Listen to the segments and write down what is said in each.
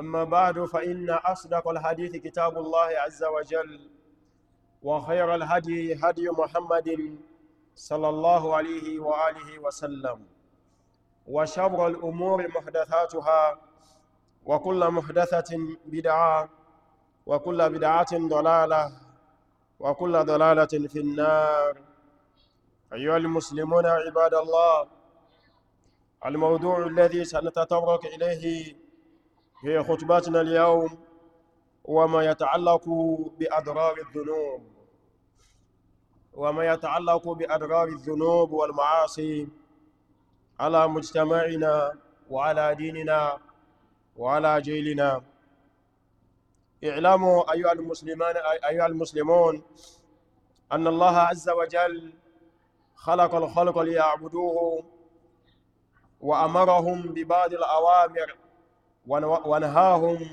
أما بعد فإن أصدق الحديث كتاب الله عز وجل وخير الهدي هدي محمد صلى الله عليه وآله وسلم وشبر الأمور محدثاتها وكل محدثة بدعة وكل بدعة ضلالة وكل ضلالة في النار أيها المسلمون عباد الله الموضوع الذي سنتطرق إليه هي خطباتنا اليوم وما يتعلق بأضرار الذنوب وما يتعلق بأضرار الذنوب والمعاصي على مجتمعنا وعلى ديننا وعلى جيلنا اعلموا أيها المسلمان أيها المسلمون أن الله عز وجل خلق الخلق ليعبدوه وأمرهم ببعض الأوامر ونهاهم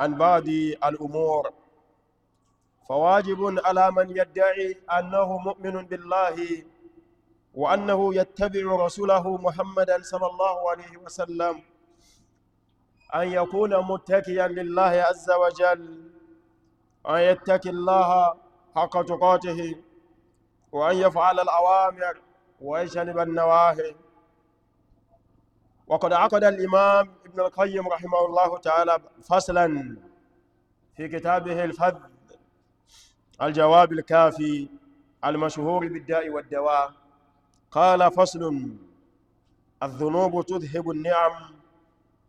عن بعض الأمور فواجب على من يدعي أنه مؤمن بالله وأنه يتبع رسوله محمدا صلى الله عليه وسلم أن يكون متكيا لله عز وجل أن يتكي الله حق تقاته وأن يفعل الأوامر ويجنب النواهي وقد عقد الإمام ابن القيم رحمه الله تعالى فصلا في كتابه الفذ الجواب الكافي المشهور بالداء والدواء قال فصل الذنوب تذهب النعم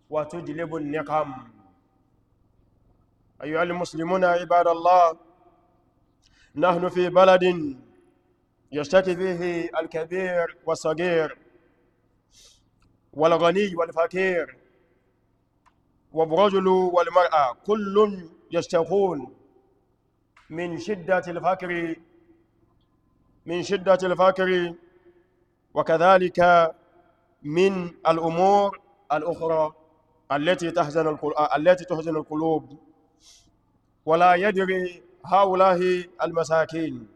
وتجلب النقم أيها المسلمون عباد الله نحن في بلد يشتكي فيه الكبير والصغير والغني والفقير والرجل والمرأة كل يستخون من شدة الفقر من شدة الفقر وكذلك من الأمور الأخرى التي تحزن القلوب التي تحزن القلوب ولا يدري هؤلاء المساكين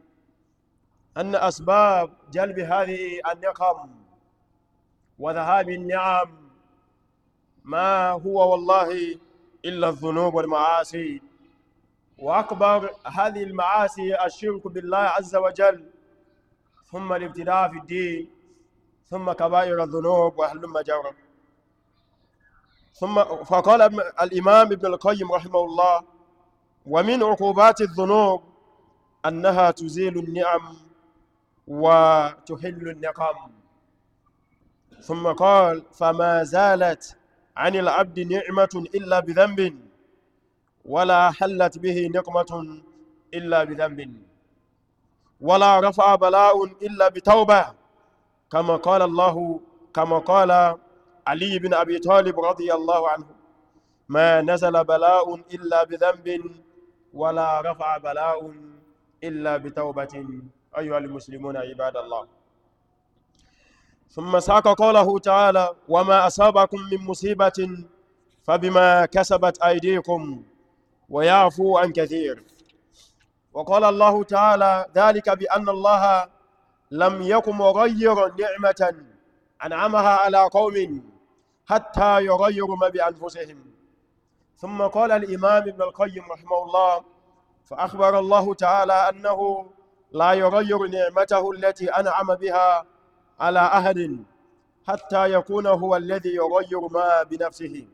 أن أسباب جلب هذه النقم وذهاب النعم ما هو والله إلا الذنوب والمعاصي وأكبر هذه المعاصي الشرك بالله عز وجل ثم الابتداء في الدين ثم كبائر الذنوب وأهل جرا ثم فقال الإمام ابن القيم رحمه الله ومن عقوبات الذنوب أنها تزيل النعم وتحل النقم ثم قال فما زالت عن العبد نعمة إلا بذنب ولا حلت به نقمة إلا بذنب ولا رفع بلاء إلا بتوبة كما قال الله كما قال علي بن أبي طالب رضي الله عنه ما نزل بلاء إلا بذنب ولا رفع بلاء إلا بتوبة أيها المسلمون عباد الله ثم ساق قوله تعالى وما أصابكم من مصيبة فبما كسبت أيديكم ويعفو عن كثير وقال الله تعالى ذلك بأن الله لم يكن مغير نعمة أنعمها على قوم حتى يغيروا ما بأنفسهم ثم قال الإمام ابن القيم رحمه الله فأخبر الله تعالى أنه لا يغير نعمته التي أنعم بها على أهل حتى يكون هو الذي يغير ما بنفسه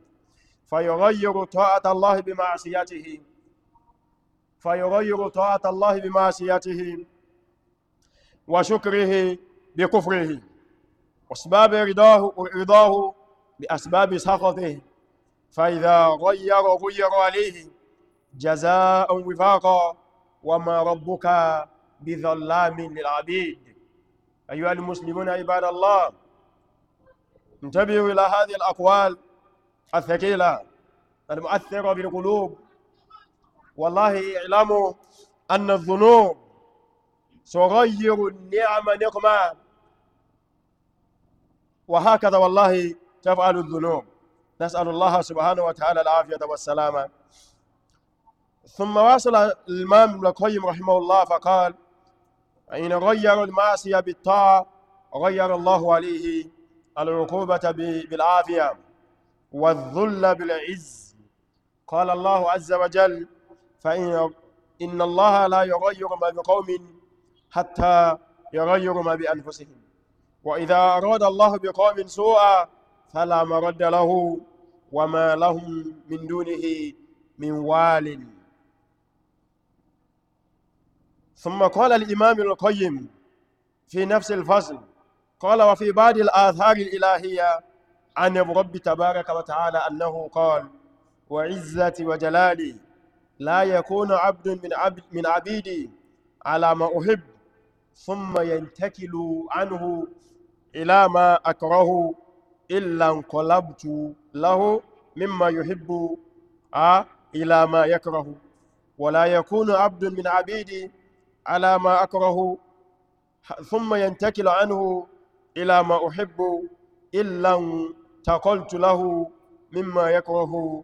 فيغير طاعة الله بمعصيته فيغير طاعة الله بمعصيته وشكره بكفره واسباب رضاه ورضاه بأسباب سخطه فإذا غير غير عليه جزاء وفاقا وما ربك بظلام للعبيد أيها المسلمون عباد الله انتبهوا إلى هذه الأقوال الثقيلة المؤثرة بالقلوب والله اعلموا أن الذنوب تغير النعم نقمة وهكذا والله تفعل الذنوب نسأل الله سبحانه وتعالى العافية والسلامة ثم واصل الإمام القيم رحمه الله فقال فإن غيروا المعصية بالطاعة غير الله عليه العقوبة بالعافية والذل بالعز قال الله عز وجل فإن إن الله لا يغير ما بقوم حتى يغيروا ما بأنفسهم وإذا أراد الله بقوم سوءا فلا مرد له وما لهم من دونه من وال ثم قال الإمام القيم في نفس الفصل قال وفي بعض الآثار الإلهية عن الرب تبارك وتعالى أنه قال وعزتي وجلالي لا يكون عبد من, عبد من عبيدي على ما أحب ثم ينتكل عنه إلى ما أكره إلا انقلبت له مما يحب آه، إلى ما يكره ولا يكون عبد من عبيدي على ما أكره ثم ينتكل عنه إلى ما أحب إلا تقلت له مما يكره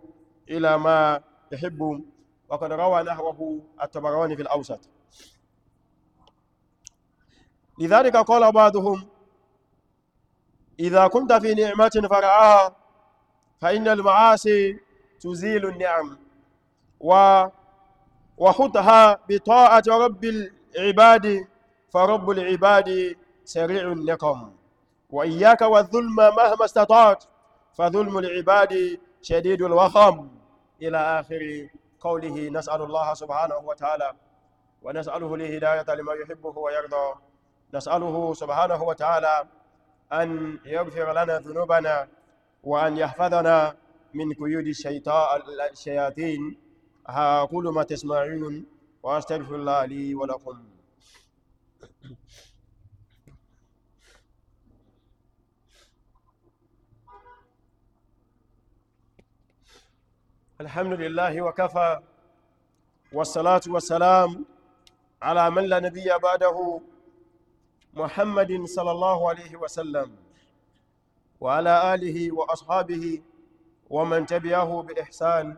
إلى ما يحب وقد روى نحوه التبراني في الأوسط لذلك قال بعضهم إذا كنت في نعمة فرعاها فإن المعاصي تزيل النعم وقال وخطها بطاعة رب العباد فرب العباد سريع لكم وإياك والظلم مهما استطعت فظلم العباد شديد الوخم إلى آخر قوله نسأل الله سبحانه وتعالى ونسأله لهداية لما يحبه ويرضى نسأله سبحانه وتعالى أن يغفر لنا ذنوبنا وأن يحفظنا من قيود الشياطين أقول ما تسمعون وأستغفر الله لي ولكم الحمد لله وكفى والصلاة والسلام على من لا نبي بعده محمد صلى الله عليه وسلم وعلى آله وأصحابه ومن تبعه بإحسان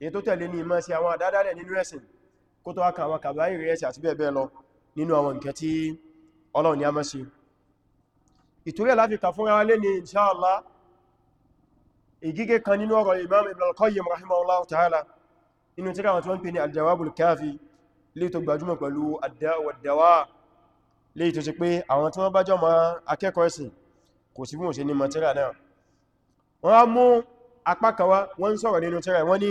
èyí tó tẹ̀lé ní ìmọ̀ sí àwọn àdádálẹ̀ nínú ẹ̀sìn kó tó aka àwọn kàbáyì rẹ̀ ẹ̀sìn àti bẹ́ẹ̀ bẹ́ẹ̀ lọ nínú àwọn nǹkan tí Ọlọ́run ni a mọ́ sí ìtorí aláfikà fún lé ní Imam Ibn al ta'ala inú tíra wọn tí wọ́n pè ní al-Jawabul Kafi lè tó gbajúmọ̀ pẹ̀lú ad-da'a wad-dawa lè tó ṣe pé àwọn tí wọ́n bá jọmọ́ á mú apá kan wá wọ́n sọ̀rọ̀ nínú tíra wọ́n ní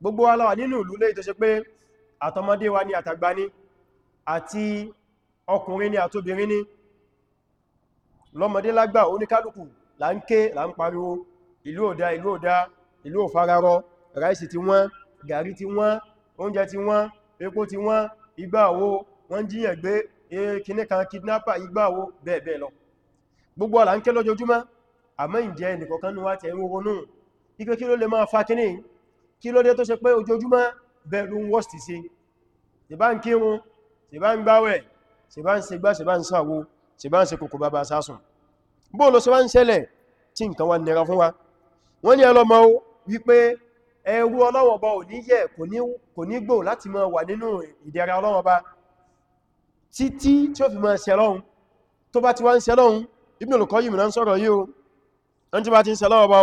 gbogbo wa la wà nínú ìlú léyìí tó ṣe pé àtọmọdé wa ní àtàgbà ní àti ọkùnrin ní àtobìnrin ní lọ́mọdé lágbà oníkálùkù là ń ké là ń pariwo ìlú òdá ìlú òdá ìlú òfararọ ráìsì ti wọ́n gàrí ti wọ́n oúnjẹ ti wọ́n epo ti wọ́n ìgbàwo wọ́n jíyàn gbé e, kíní kidnapper ìgbàwo bẹ́ẹ̀ lọ gbogbo wa là àmọ́ ǹjẹ́ ẹnìkọ̀ọ̀kan ní wá tẹ̀ ń ronú ikú kí ló lè máa fa kíní kí ló dé tó ṣe pé ojoojúmọ́ bẹ̀rù worst sí ṣe bá ń kírun ṣe bá ń gbáwẹ̀ ṣe bá ń ṣe gbá ṣe bá ń sàwó ṣe bá ń ṣe kòkò bàbá sásùn bó ló ṣe bá ń ṣẹlẹ̀ tí nǹkan wa nira fún wa wọ́n ní ẹlọ́mọ wípé ẹrú Ọlọ́run Ọba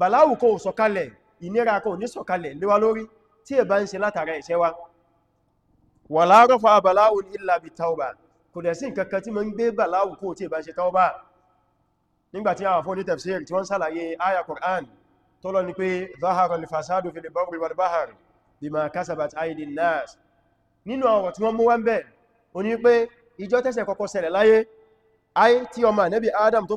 bàláwù kò sọ̀kalẹ̀ ìnira kò ní sọ̀kalẹ̀ léwa lórí tí è bá ń ṣe látara ẹ̀ṣẹ̀ wa wà láàrọ́fà bàláwù illa bi tauba kò dẹ̀ sí nǹkankan tí ma ń gbé bàláwù kò tí è bá ṣe tauba nígbàtí àwọn fún ní tafsir tí wọ́n sàlàyé aya Qur'an tó lọ ní pé zahara al-fasadu fil barri wal bima kasabat aydin nas nínú àwọn tí wọ́n mú wọ́n bẹ̀ o ní pé ìjọ tẹ́ṣẹ̀ kọ́kọ́ ṣẹlẹ̀ láyé Adam tó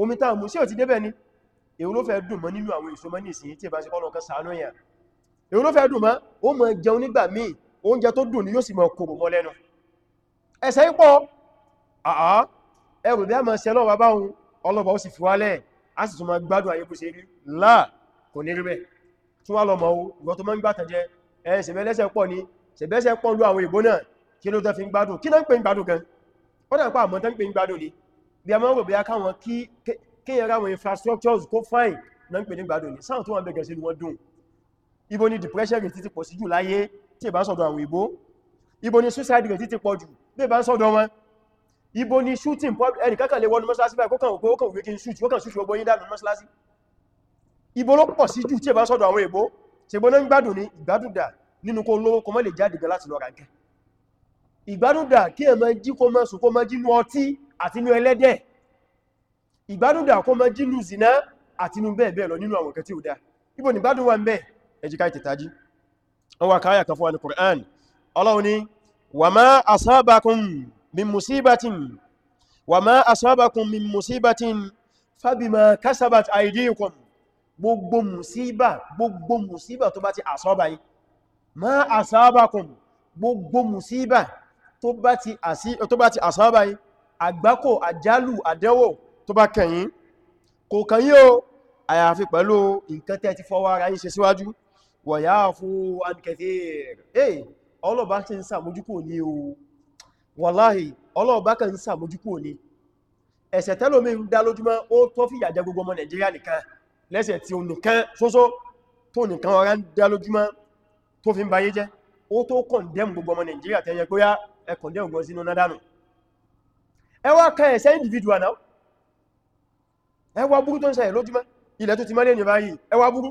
omi tá mú sí ò ti débẹ̀ ni èwo ló fẹ́ dùn mọ́ nínú àwọn èso mọ́ ní ìsìn tí ìbá sí kọ́lọ̀ kan ṣàánú yà èwo ló fẹ́ dùn mọ́ ó mọ̀ jẹun nígbà míì oúnjẹ tó dùn ni yóò sì mọ̀ kòrò mọ́ lẹ́nu ẹsẹ̀ ipọ̀ àá ẹwù bí a mọ̀ sẹ́lọ̀ bàbá ohun ọlọ́bà ó sì fi wálẹ̀ a sì tún mọ̀ gbádùn ayé bó ṣe rí láà kò ní rí bẹ̀ tún wá lọ mọ̀ o ìwọ tó mọ́ ń ni ṣẹ̀bẹ́sẹ̀ pọ̀ lú àwọn ìbó náà kí ló tẹ́ fi ń gbádùn kí náà ń pè ń gbádùn gan ó dà ń pa àmọ́ tẹ́ ń pè ń ni bí a máa ń rò bí a káwọn kíyàn ráwọn infrastructures kó fine na ń pè ní gbádùn ní sáà tó wọ́n bẹ̀gẹ̀ sí ni wọ́n dùn ibo ni depression rate ti pọ̀ sí jù láyé tí ìbá sọ́dọ̀ àwọn ìbó ibo ni suicide rate ti pọ̀ jù bí ìbá sọ́dọ̀ wọn ibo ni shooting ẹni kankan lè wọnú mọ́sálásí báyìí kókàn òkú òkú òkú shoot kókàn shoot gbogbo yín dànù mọ́sálásí ibo ló pọ̀ sí jù tí ìbá sọ́dọ̀ àwọn ìbó ṣe gbóná ń gbádùn ní ìgbádùn dà nínú kó lówó kó mọ́ lè jáde gan láti lọ ra nǹkan ìgbádùn dà kí ẹ máa jí kó máa sùn kó máa jí nú ọtí àti inú ẹlẹ́dẹ̀ ìgbádùn dà kó mọ́ jílù zina àti inú bẹ́ẹ̀ bẹ́ẹ̀ lọ nínú àwọn kẹtí ò dá ibò ní gbádùn wà ń bẹ́ ẹjíká ìtẹ̀tají wọ́n wà káyà kan fún àni Qur'an Ọlọ́run ni wa ma asabakum min musibatin wa ma asabakum min musibatin fabima kasabat aydikum gbogbo musiba gbogbo musiba tó bá ti asaba àgbákò àjálù àdẹ́wò tó bá kẹ̀yìn kò kẹ̀yìn o àyàfi pẹ̀lú nǹkan tẹ́ ti fọwọ́ ara yín ṣe síwájú wọ̀yá fún ankẹtẹ́rẹ̀ ọlọ́ọ̀bá kí o wàláhì ọlọ́ọ̀bá kí ń sàmójúkò ní ẹ̀ṣẹ̀ tẹ́lómi ń dá lójúmọ́ ó tó fi yàjẹ́ gbogbo ọmọ Nàìjíríà nìkan lẹ́ṣẹ̀ tí ó nìkan ṣoṣo tó nìkan ọ̀rá ń dá lójúmọ́ tó fi ń bayé jẹ́ ó tó kọ̀ndẹ́m gbogbo ọmọ Nàìjíríà tẹ́yẹ pé yá ẹ gbogbo sínú nádánù ẹ wá ká ẹ̀ṣẹ̀ individual náà ẹ wá burú tó ń ṣẹlẹ̀ lójúmọ́ ilẹ̀ tó ti mọ́lẹ̀ ní báyìí ẹ wá burú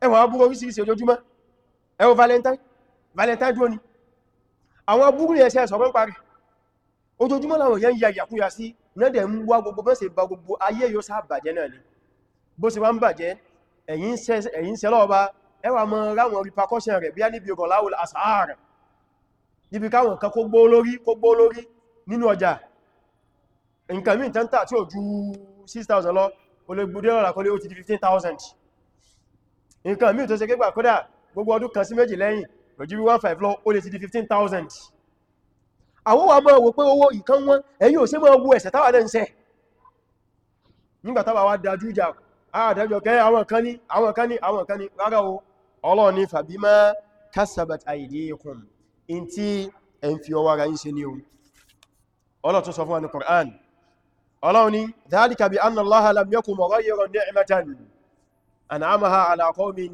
ẹ wá burú oríṣiríṣi ojoojúmọ́ ẹ wá valentine valentine dúró ni àwọn burú ní ẹ̀ṣẹ̀ sọ̀rọ̀ ń parí ojoojúmọ́ láwọn yẹn ya ìyàkúyà sí nẹ́dẹ̀ ń wá gbogbo bẹ́ẹ̀ ṣe ba gbogbo ayé yóò sá bàjẹ́ náà ni bó ṣe wá ń bàjẹ́ ẹ̀yìn sẹ́lọ́ọ̀bá ẹwà mọ́ ráwọn repercussion rẹ̀ bí á níbi ọgọ̀láwò àsáàrẹ̀ níbi káwọn kan kó gbó lórí kó gbó lórí nínú ọjà nǹkan mí tẹ́ntà tí ó ju 6,000 lọ olóògbòdé ọ̀rà kọlé ó ti di 15,000 nǹkan mí tó ṣe kégbà gbogbo ọdún kan sí méjì lẹ́yìn lọ́jú 15 lọ ó ti di 15,000 àwọn wà máa pé owó ìkan ẹ̀yìn ò sí wo ẹ̀sẹ̀ àwọn àwọn àwọn o ọlọ́ tó sọ fún wa ní Qur'an ọlọ́run ni dhalika bi anna Allaha lam yakun mughayyiran ni'matan an'amaha ala qawmin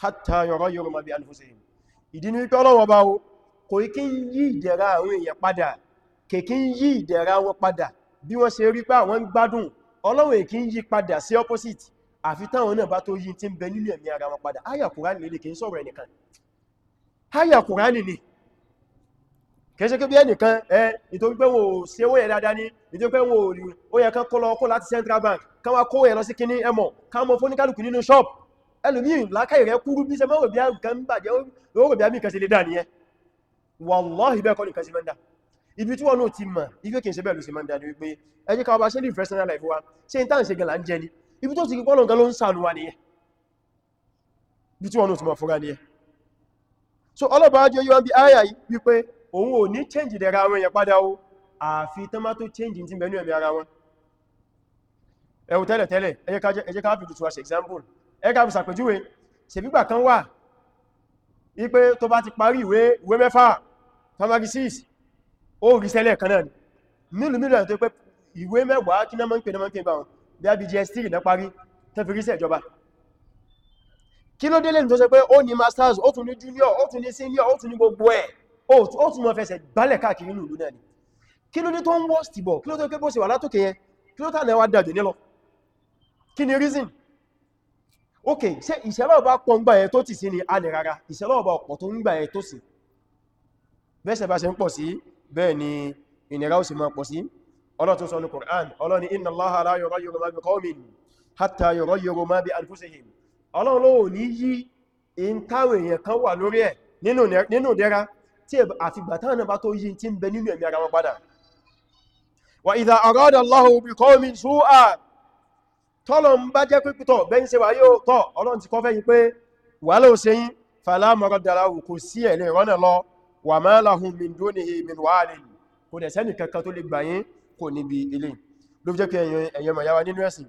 hatta yughayyiru ma bi anfusihim ìdí ni wípé ọlọ́run ọba o kò kí ń yí ìdẹ̀ra àwọn èèyàn padà kèkí opposite àfi táwọn náà bá tó yí tí ń bẹ nínú ẹ̀mí ara wọn padà áyà kẹsẹ́ kí bí ẹnìkan ẹ ìtorí pé wò ṣe owó yẹ dáadáa ní ìtorí pé wò rí ó yẹ kán kó lọ kó láti central bank kán wá kó yẹ lọ sí kíní ẹmọ̀ kán mọ fóníkálùkù nínú shop ẹlòmíì lákàí rẹ kúrú bí sẹmọ́ òbí kan bàjẹ́ òbí àmì kan sí lè dà nìyẹn wallahi bẹ́ẹ̀ kọ́ nìkan sí mẹ́ndà ibi tí wọ́n náà ti mọ̀ ibi kìí ṣe bẹ́ẹ̀ ló sí mẹ́ndà ní wípé ẹjẹ́ káwọ́ bá ṣe ní personal life wa ṣe ń tàn ṣe gẹ̀lá ń jẹ ní ibi tó ti kí pọ́lọ̀ ló ń sànú wa nìyẹn ibi tí wọ́n náà ti mọ̀ fúnra nìyẹn so ọlọ́bàá jẹ́ yíwá òun ò ní change dẹ̀ra àwọn èèyàn padà o àfi tán má tó change tí bẹ̀nú ẹ̀mí ara wọn ẹ̀wù tẹ́lẹ̀ tẹ́lẹ̀ ẹ jẹ́ ká fi tuntun àṣẹ example ẹ ká fi sàpèjúwe ṣèbígbà kan wà wípé tó bá ti parí ìwé ìwé mẹ́fà tamagi 6 ó rí sẹ́lẹ̀ kan náà mílù mílù ẹ̀ tó pé ìwé mẹ́wàá kí náà mọ́ ń pè náà mọ́ ń pè bá wọn bí a bí js3 náà parí tó fi ríṣẹ́ ìjọba kí ló délé ní tó ṣe pé ó ní masters ó tún ní junior ó tún ní senior ó tún ní gbogbo ẹ̀ ó tún mọ́ fẹsẹ̀ gbálẹ̀ káàkiri ìlú náà ni kí ló ní tó ń wọ́ stìbọ̀ kí ló tó kébó sí wà látòkè yẹn kí ló tàà wá dàjò nílọ kí ni reason ok ṣe ìṣẹ́lọ́ ọba pọ̀ ń gbà ẹ tó tì sí ni a lè rárá ìṣẹ́lọ́ ọba ọ̀pọ̀ tó ń gbà ẹ tó sì bẹ́ẹ̀ṣẹ̀ bá ṣe ń pọ̀ sí bẹ́ẹ̀ ni ìnira ó sì máa pọ̀ sí ọlọ́tún sọ ní Qur'an ọlọ́ni inna Allaha la yughayyiru ma bi qawmin hatta yughayyiru ma bi anfusihim ọlọ́run ló ní yí in táwọn èèyàn kan wà lórí ẹ̀ nínú dẹ́ra tí àfìgbà táwọn náà bá tó yí tí ń bẹ nínú ẹ̀mí ara wọn padà wa idha arada Allahu bi qawmin su'a tọ́lọ̀ ń bá jẹ́ pípítọ̀ bẹ́yìn ṣe wà yóò tọ́ ọlọ́run ti kọ́ fẹ́ yí pé wà ló ṣe yí fala marada lahu kò sí ẹ̀lẹ́ ìrọ́nà lọ wa ma lahum min dunihi min walin kò dẹ̀ sẹ́nì kankan tó lè gbà yín kò níbi ilé ló jẹ́ pé ẹ̀yàn mọ̀yáwa nínú ẹ̀sìn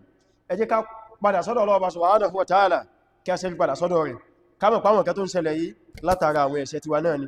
ẹ jẹ́ ká padà sọ́dọ̀ Ọlọ́run subhanahu wa ta'ala kí a ṣe padà sọ́dọ̀ rẹ̀ ká mọ̀ páwọn tó ń ṣẹlẹ̀ yìí látara àwọn ẹ̀ṣẹ̀ tiwa náà ni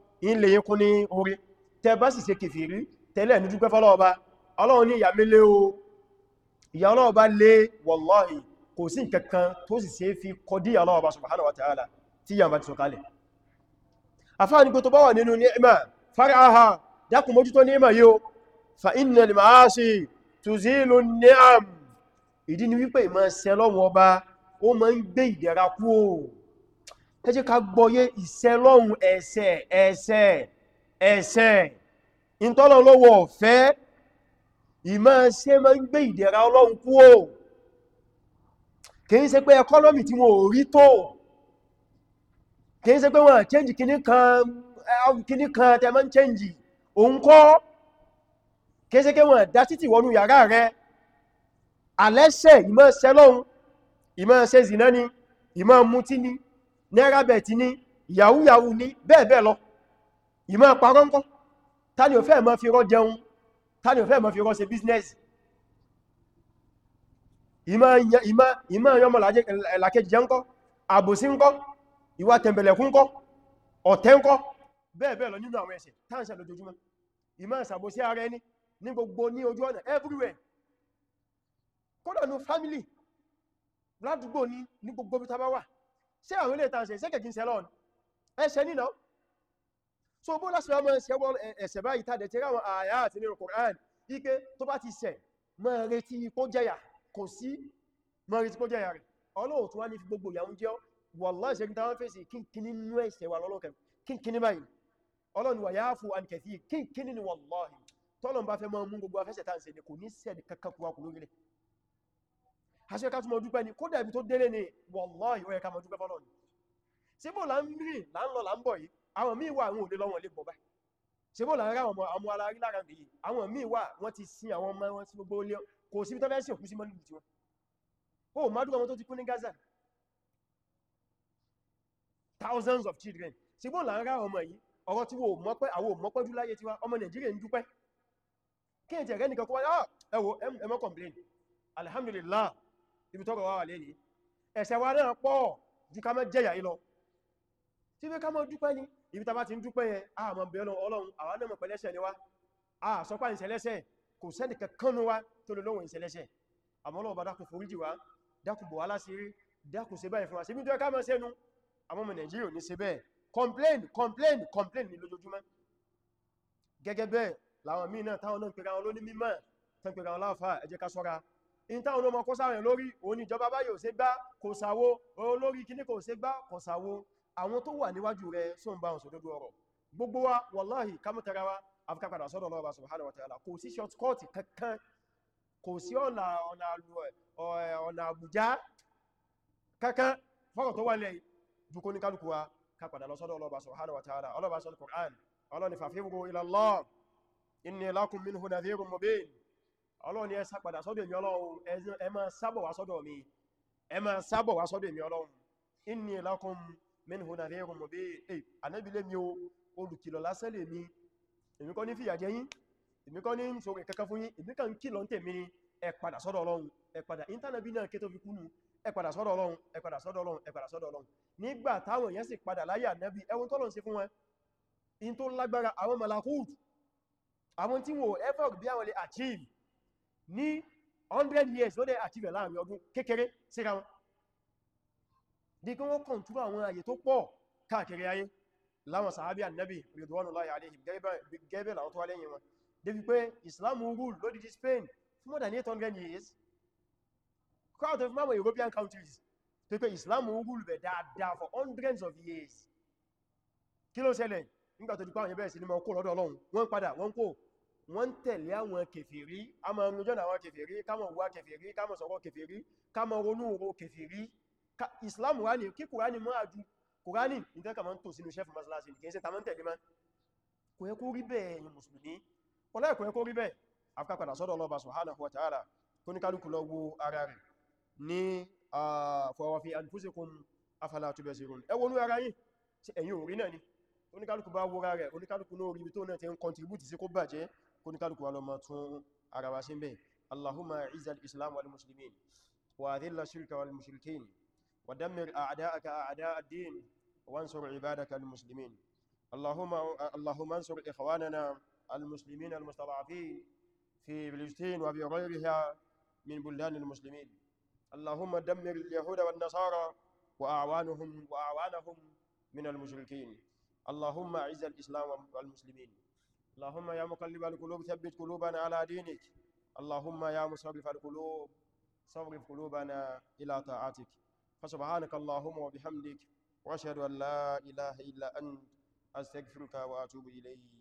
in lè yíkún ní orí tẹ bá sì ṣe kèfèrí tẹ́lẹ̀ ní dúpẹ́ fọ́lọ́ọba ọlọ́run ní ìyàmílé o ìyà ọlọ́ọba lé wallahi kò sí nǹkankan tó sì ṣe fi kọdí ọlọ́ọba subhanahu wa ta'ala tí yàmbá ti sọkalẹ̀ afáà ní pé tó bá wà nínú ni'ma far'aha dákùn ó ma ń gbé ìdẹ̀ra kúrò ẹ jẹ́ ká gbọ́yé ìṣẹ́lọ́run ẹ̀ṣẹ̀ ẹ̀ṣẹ̀ ẹ̀ṣẹ̀ ìtọ́lọ̀ lọ́wọ́ ọ̀fẹ́ ìmọ̀ ṣe máa ń gbé ìdẹ̀ra ọlọ́run kúrò kìí ṣe pé ẹkọ́lọ́mì tí wọ́n ò rí tó kìí ṣe pé wọ́n change kìní kan um, tẹ́ máa ń change òun kọ́ kìí ṣe pé wọ́n dá títì wọnú yàrá rẹ alẹ́ṣẹ̀ ìmọ̀ ṣẹlọ́run ìmọ̀ ṣe zìnà ìmọ̀ mutí náírà bẹ̀ẹ̀tì ní yahoo ní bẹ́ẹ̀bẹ́ẹ̀ lọ ìmọ̀ parọ́ ta ni ò fẹ́ mọ́ fi rọ́ jẹun ta ni ò fẹ́ mọ́ fi rọ́ se business ìmọ̀ yọmọ làkejì jẹ́ ńkọ́ àbòsí ńkọ́ ìwà tẹ̀m̀bẹ̀lẹ̀kún ńkọ́ ọ̀tẹ̀ ńkọ́ bẹ́ẹ̀bẹ́ẹ̀ lọ nínú àwọn ẹ̀ṣẹ̀ táǹṣẹ̀ lójoojúmọ́ ìmọ̀ ìsàbòsí ara ẹni ní gbogbo ní ojú ọ̀nà everywhere kódà ní family ládùúgbò ní gbogbo bí ta bá wà ṣe àwọn ilé ìtànṣe ṣe kẹ̀kí sẹ́lọ́n ẹ̀ṣẹ́ nínà so bó lásìlọ́ mọ́ ṣẹwọ́ ẹ̀ṣẹ̀ báyìí tàdẹ̀ tí ráwọn àyà àti ní Kùránì ike tó bá ti ṣẹ̀ mọ́ retí kó jẹyà kò sí mọ́ retí kó jẹyà rẹ̀ Ọlọ́hun tó wá ní fi gbogbo ìyàwó jẹ́ wallahi ṣe dáwọn fèsì kínkíní nínú ẹ̀ṣẹ̀ wà lọ́lọ́kẹ̀ kínkíní báyìí Ọlọ́hun wà yá fún an kẹfì kínkíní ni wallahi tọ́lọ̀ bá fẹ́ mọ́ mú gbogbo afẹ́ṣẹ̀ tàǹsẹ̀ ni kò ní sẹ́ẹ̀dì kankan kúwakù lórílẹ̀ àṣẹ ká túnmọ̀ dúpẹ́ ni kódà ibi tó délé ni wallahi ó yẹ ká mọ̀ dúpẹ́ fọ́lọ́ ni síbò là ń rìn là ń lọ là ń bọ̀ yìí àwọn míì wà àwọn òde lọ́wọ́n lè bọ̀ báyìí síbò là ń rá Gaza thousands of children síbò là ń rá ọmọ yìí ọ̀rọ̀ tí wọ́n mọ̀ pé àwọn mọ́pẹ́ dú láyé tiwa ọmọ Nàìjíríà ń dúpẹ́ kí ẹ̀wọ̀ ah, ẹmọ́ complain alhamdulillah ibi tọ́rọ wà lè ní ẹ̀ṣẹ̀ wa náà pọ̀ ju ká mọ́ jẹ́yà ilọ̀ tí fẹ́ ká mọ́ dúpẹ́ ní ibi tàbá ti ń dúpẹ́ yẹn àmọ́ bẹ̀rẹ̀ ọlọ́run àwọn náà pẹ̀lẹ́ṣẹ̀ ni wá àsọpá ìṣẹ̀lẹ́ṣẹ̀ kò sẹ́ni kankan wá tó lè lọ́wọ́ ìṣẹ̀lẹ́ṣẹ̀ àmọ́ Ọlọ́run bá dákun foríjì wá dákun bò complain complain complain ní lójoojúmọ́ gẹ́gẹ́ bẹ́ẹ̀ làwọn míì náà táwọn náà pẹ̀rẹ̀ àwọn lóní mímọ̀ tán pẹ̀rẹ̀ àwọn ká ṣọ́ra ìtàwọn ọmọ kó sáwọn lórí òun ni ìjọba báyìí ò ṣe gbá kò sáwó olórí kíní kò ṣe gbá kò sáwó àwọn tó wà níwájú rẹ̀ sóun bá wọn sòdodo ọ̀rọ̀ gbogbo wa wàláhì kámútara wa afirka padà sọ́dọ̀ lọ́wọ́ subhanahu wa ta'ala kò sí shortcut kankan kò sí ọ̀nà àbújá kankan fọ́rọ̀ tó ọlọ́run ni ẹ sá padà sọ́dọ̀ èmi ọlọ́run ẹ máa sábọ̀ wá sọ́dọ̀ mi ẹ máa sábọ̀ wá sọ́dọ̀ èmi ọlọ́run inni lakum minhu nadhirun mubin eh ànábì lé mi o olùkìlọ̀ lásán lè mi èmi kọ́ ní fìyà jẹ yín èmi kọ́ ní sọ̀rọ̀ kankan fún yín èmi kàn ń kìlọ̀ ń tèmi ni ẹ padà sọ́dọ̀ ọlọ́run ẹ padà ìntànàbí náà kẹ́tọ́ fi kúnnù ẹ padà sọ́dọ̀ ọlọ́run ẹ padà àwọn tí wọ́n effort bí àwọn lè achieve ní 100 years ló dẹ̀ achieve láàrin ọdún kékeré síra wọn ní kí wọ́n kàn túrò àwọn àyè tó pọ̀ káàkiri ayé láwọn sàábí annabi ridwanullahi alaihim gẹ́bẹ̀ láwọn tó wá lẹ́yìn wọn years crowd of European countries Islam rule bẹ̀ dáadáa for hundreds of years kí ló ṣẹlẹ̀ nígbà tó dípá àwọn ẹbẹ̀rẹ̀ sí ni mọ́ wọ́n tẹ̀lé àwọn kèfèrí a máa ń lójọ́nà àwọn kèfèrí kámọ̀ wá kèfèrí kámọ̀ sọ̀rọ̀ kèfèrí kámọ̀ ronú ro kèfèrí Islam rani kí kùránì mọ́ àjú kùránì nǹkan kàmọ́ tó sínú sẹ́fù masalasi ní kìí ṣe tamọ́ tẹ̀lé ma kò yẹ kó rí bẹ́ẹ̀ yìí mùsùlùmí wọ́n láì kò yẹ kó rí bẹ́ẹ̀ afkápadà sọ́dọ̀ Allah subhanahu wa ta'ala kó ní kálukú lọ wo ara rẹ̀ ní fawafi anfusikum afala bá wúra rẹ̀ oníkálukú náà rí ibi tó náà ti ń contribute sí kó bàjẹ́ kóníkálùkù wa lọ ma tún ara wa sí bẹ́ allahumma izal islam wal muslimin wa adilla shirka wal mushrikin wa dammir a'da'aka a'da ad-din wansur ibadaka al muslimin allahumma allahumma ansur ikhwanana al muslimin al mustada'afin fi filistin wa fi ghayriha min buldan al muslimin اللهم دمر اليهود والنصارى وأعوانهم وأعوانهم من المشركين اللهم أعز الإسلام والمسلمين اللهم يا مقلب القلوب ثبت قلوبنا على دينك اللهم يا مصرف القلوب صرف قلوبنا إلى طاعتك فسبحانك اللهم وبحمدك وأشهد أن لا إله إلا أنت أستغفرك وأتوب إليك